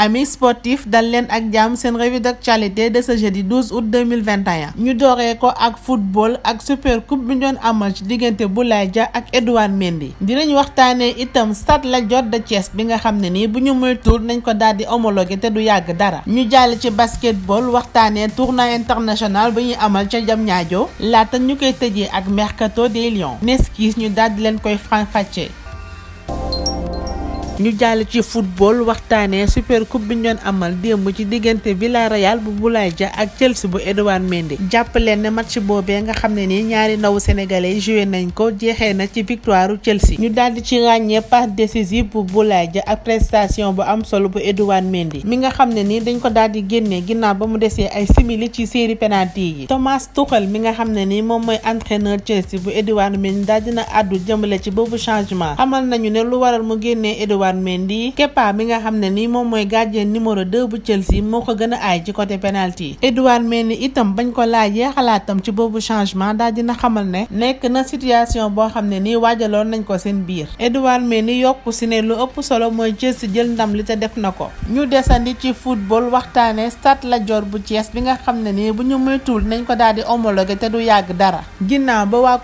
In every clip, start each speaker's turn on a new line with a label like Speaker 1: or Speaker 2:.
Speaker 1: ami sportif dal leen ak jaam seen revue d'actualité de ce jeudi 12 août 2021 ñu dooree ko ak football ak super coupe bi doon amal ci diggante Boulaye Dia ak Edouard Mendy dinañu waxtaanee itam Stade Lat Dior de bi nga xam ne nii bu ñu moytuwul nañ ko daal di homologué te du yàgg dara ñu jàll ci basketball waxtaanee tournoi international bi ñuy amal ca Diamniadio laata ñu koy tëjee ak mercato des Lions neskis ñu daal di leen koy faram-fàccee ñu jàll ci football waxtaanee super coupe bi ñu doon amal démb ci diggante Villarreal bu Boulaye Dia ak Chelsea bu Edouard Mendy jàpp leen ne match boobee nga xam ne ni ñaari ndaw sénégalais joué nañ ko jeexee na ci victoire Chelsea ñu daal di ci ràññee passe décisive bu Boulaye Dia ak prestation bu am solo bu Edouard Mendy mi nga xam ne nii dañ ko daal di génnee ginnaaw ba mu desee ay simili ci série penalty yi Thomas Tuchel mi nga xam ne ni moom mooy entraîneur Chelsea bu Edouard Mendy daal dina àddu jëmale ci boobu changement xamal nañu ne lu waral mu génnee Edouard Edouard Mendy Kepa mi nga xam ne ni moom mooy gardien numéro 2 bu Chelsea moo ko gën a aay ci côté penalty Edouard Mendy itam bañ ko laajee xalaatam ci boobu changement daal dina xamal ne nekk na situation boo xam ne nii waajaloon nañ ko seen biir Edouard Mendy yokku si ne lu ëpp solo mooy Chelsea jël ndam li te def na ko ñu desandi ci football waxtaane Stade Lat Dior bu Thiès bi nga xam ne nii bu ñu moytuwul nañ ko daal di te du yàgg dara ginnaaw ba waa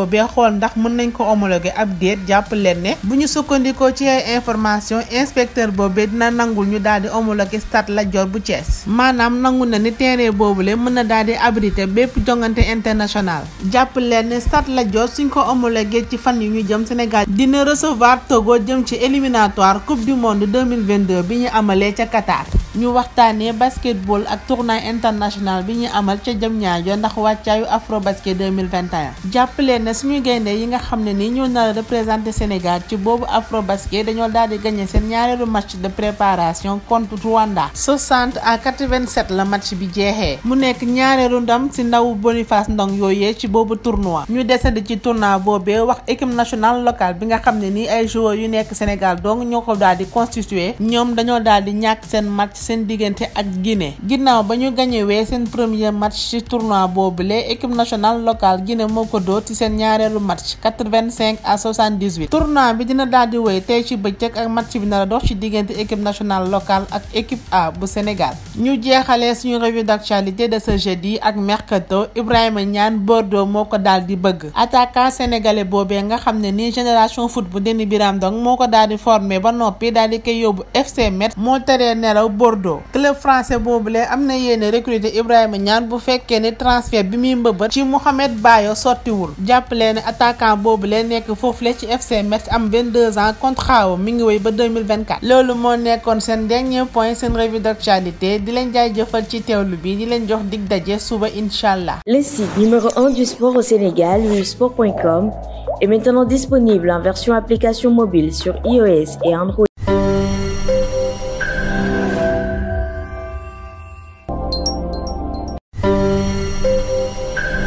Speaker 1: boobee xool ndax mën nañ ko homologué ab déet jàpp leen ne bu ñu sukkandikoo ci ay information inspecteur boobee dina nangul ñu daal di homologué stade Lat Dior bu Thiès maanaam nangu na ni boobu leen mën na daal di abrité bépp jongante international jàpp leen ne stade Lat Dior suñ ko homologué ci fan yu ñu jëm Sénégal dina recevoir Togo jëm ci éliminatoire coupe du monde 2022 bi ñu amalee ca Qatar ñu waxtaanee basketball ak tournoi international bi ñu amal ca Diamniadio ndax wàccaayu afro basket 2021 ne suñu gaynde yi nga xam ne nii ñoo nar a représenté Sénégal ci boobu Afrobasket dañoo daal di gagné seen ñaareelu match de préparation contre Rwanda 60 à 87 la match bi jeexee mu nekk ñaareelu ndam si ndaw Boniface Ndong yooyee ci boobu tournoi ñu desandi ci tournoi boobee wax équipe nationale locale bi nga xam ne ni ay joueurs yu nekk Sénégal donc ñoo ko daal di constitué ñoom dañoo daal di ñàkk seen match seen diggante ak Guinée ginnaaw ba ñu gañewee seen premier match ci tournoi boobule équipe nationale locale Guinée seen ñaareelu match 85 à 78 tournoi bi dina daal di wéy tey ci bëccëg ak match bi na a dox ci diggante équipe nationale locale ak équipe A bu Sénégal ñu jeexalee suñu revue d'actualité de ce jeudi ak mercato Ibrahima Niane Bordeaux moo ko daal di bëgg attaquant sénégalais boobee nga xam ne ni génération foot bu Déni Biram Ndong moo ko daal di formé ba noppi daal di koy yóbbu FC Metz moo teree nelaw Bordeaux club français boobule am na yéene recruter Ibrahima ñaan bu fekkee ne transfert bi muy mbëbët ci Mouhamed Bayo sottiwul jàppale ne attaquant boobu leen nekk foofule ci FC Metz am 22 ans contrat wu mi ngi wéy ba 2024 loolu moo nekkoon seen dernier point seen revue d'actualité di leen jaajëfal ci teewlu bi di leen jox dig daje suba incha allah. Le site numéro 1 du sport au Sénégal, le Sport.com est maintenant disponible en version application mobile sur iOS et Android.